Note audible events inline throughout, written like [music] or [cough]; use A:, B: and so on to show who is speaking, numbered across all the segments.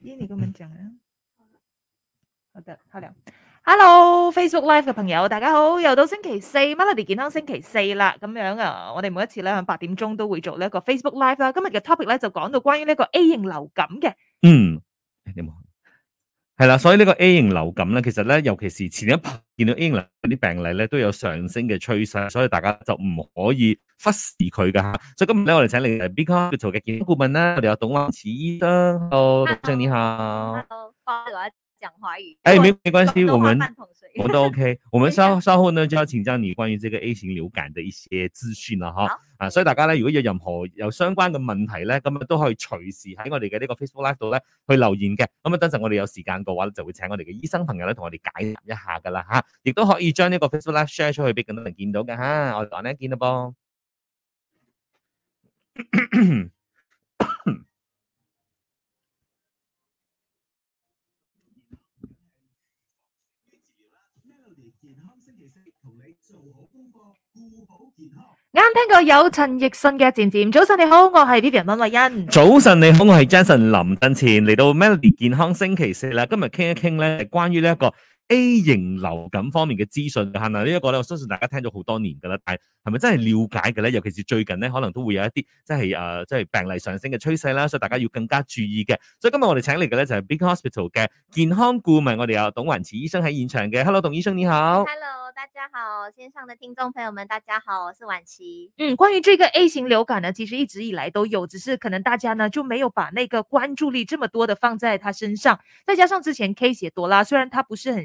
A: 咦，你跟我們講啦？好的，好兩。Hello，Facebook Live 嘅朋友，大家好，又到星期四 Melody 健康星期四啦。咁樣啊，我哋每一次咧，八點鐘都會做呢一個 Facebook Live 啦。今日嘅 topic 咧，就講到關於呢個 A 型流感嘅。
B: 嗯。係啦，所以呢個 A 型流感咧，其實咧，尤其是前一排見到 A 型流感啲病例咧，都有上升嘅趨勢，所以大家就唔可以忽視佢噶吓。所以今日咧，我哋請嚟 become 嘅健康顧問啦，我哋有董華慈醫生，Hello，女士，你好。
C: Hello，我來講華語。誒、哎，
B: 沒沒關係，我們我們都 OK。我們稍後 [laughs] 稍後呢，就要請教你關於這個 A 型流感嘅一些資訊啦，吓。啊！所以大家咧，如果有任何有相關嘅問題咧，咁啊都可以隨時喺我哋嘅呢個 Facebook Live 度咧去留言嘅。咁啊，等陣我哋有時間嘅話，就會請我哋嘅醫生朋友咧同我哋解答一下噶啦嚇。亦都可以將呢個 Facebook Live share 出去俾更多人見到嘅嚇。我哋講呢一見啦噃。
A: 啱聽過有陳奕迅嘅《漸漸》，早晨你好，我係 Lily 溫慧欣。
B: 早晨你好，我係 Jason 林振前，嚟到 Melody 健康星期四啦。今日傾一傾呢關於呢、這個。A 型流感方面嘅資訊，吓、這個、呢一個咧，我相信大家聽咗好多年噶啦，但係係咪真係了解嘅咧？尤其是最近呢，可能都會有一啲即係誒，即係、呃、病例上升嘅趨勢啦，所以大家要更加注意嘅。所以今日我哋請嚟嘅咧就係、是、Big Hospital 嘅健康顧問，我哋有董文慈醫生喺現場嘅。Hello，董醫生你好。
D: Hello，大家好，線上嘅聽眾朋友們，大家好，我是婉琪。
A: 嗯，關於呢個 A 型流感呢，其實一直以來都有，只是可能大家呢就沒有把那個關注力這麼多的放在佢身上，再加上之前 K 姐朵拉雖然佢不是很。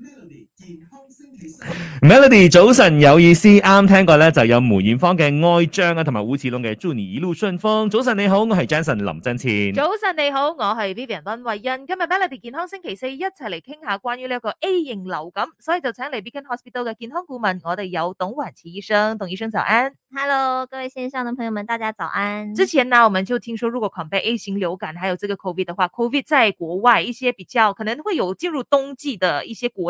C: Melody，健康星期四。Melody，
B: 早晨，有意思啱聽過咧，就有梅艷芳嘅哀章啊，同埋胡志龍嘅祝你一路順風。早晨你好，我係 Jason 林振千。
A: 早晨你好，我係 Vivian 溫慧欣。今日 Melody 健康星期四，一齊嚟傾下關於呢一個 A 型流感，所以就請嚟 Beacon Hospital 嘅健康顧問，我哋有董婉琪醫生，董醫生早安。Hello，各位線上嘅朋友們，大家早安。之前呢，我們就聽說如果狂病 A 型流感，還有這個 COVID 的話，COVID 在國外一些比較可能會有進入冬季的一些國。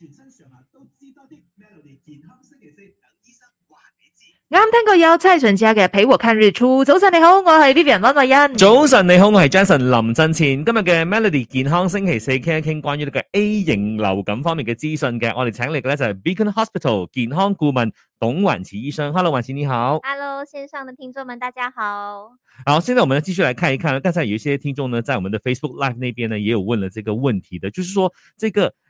A: 全身上下都知知。多啲。Vivian, Janson, Melody 健康星期四，等醫生話你知啱聽過有蔡卓家嘅陪我看日出。早晨你好，我係 Vivian 溫慧
B: 欣。早晨你好，我係 Jason 林振前。今日嘅 Melody 健康星期四，傾一傾關於呢個 A 型流感方面嘅資訊嘅。我哋請嚟嘅咧就係 Beacon Hospital 健康顧問董環琪醫生。Hello 環琪你好。
D: Hello 線上嘅聽眾們大家好。
B: 好，現在我們繼續來看一看，看剛才有一些聽眾呢，在我們的 Facebook Live 那邊呢，也有問了這個問題嘅，就是說這個。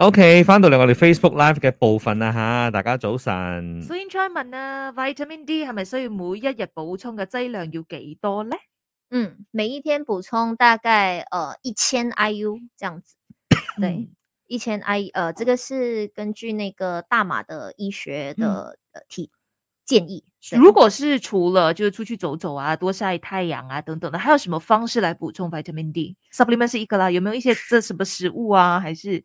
B: O.K. 翻到嚟我哋 Facebook Live 嘅部分啦吓，大家早晨。
A: 所以請
D: 問啊，Vitamin D 係咪需要每一日補充嘅劑量要幾多咧？嗯，每一天補充大概誒一千 IU 這樣子。 [coughs] 對，一千 IU，這個是根據那個大馬的醫學的誒提、嗯呃、建議。
A: 如果是除了就是出去走走啊，多曬太陽啊等等的，還
D: 有什麼方式來補充 Vitamin D？Supplement 是一個啦，有沒有一些即係什麼食物啊，還是？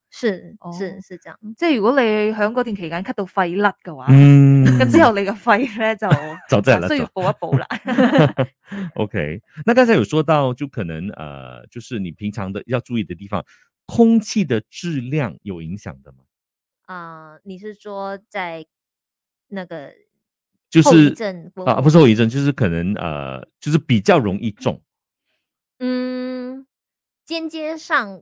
A: 是、哦、是是這樣，即係如果你喺嗰段期間咳到肺甩嘅話，
C: 咁、嗯、
A: 之後你個肺咧就 [laughs] 了就真係需要補一補啦。
D: [laughs] [laughs]
B: OK，那剛才有說到，就可能呃，就是你平常的要注意的地方，空氣的質量有影響的嗎？
D: 啊、呃，你是說在那個就是後遺症啊？不是後
B: 遺症，就是可能呃，就是比較容易中。嗯，
D: 間接上。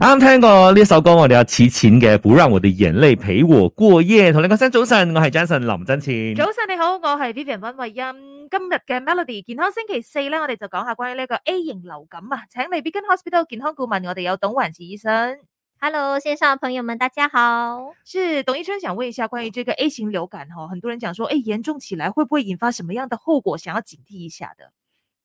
B: 啱啱 [music] [music] 聽過呢首歌，我哋有要錢嘅，不讓我的眼淚陪我過夜。同你講聲早晨，我係 Jason 林真前。早
A: 晨你好，我係 Vivian 溫慧欣。今日嘅 Melody 健康星期四咧，我哋就講下關於呢個 A 型流感啊。請嚟 Beacon Hospital 健康顧問，我哋有董環志醫生。Hello，線上嘅朋友們，大家好。是董醫生，想問一下關於這個 A 型流感哦，很多人講說，誒、欸，嚴重起來會不會引發什麼樣的後果？想
D: 要警惕一下的。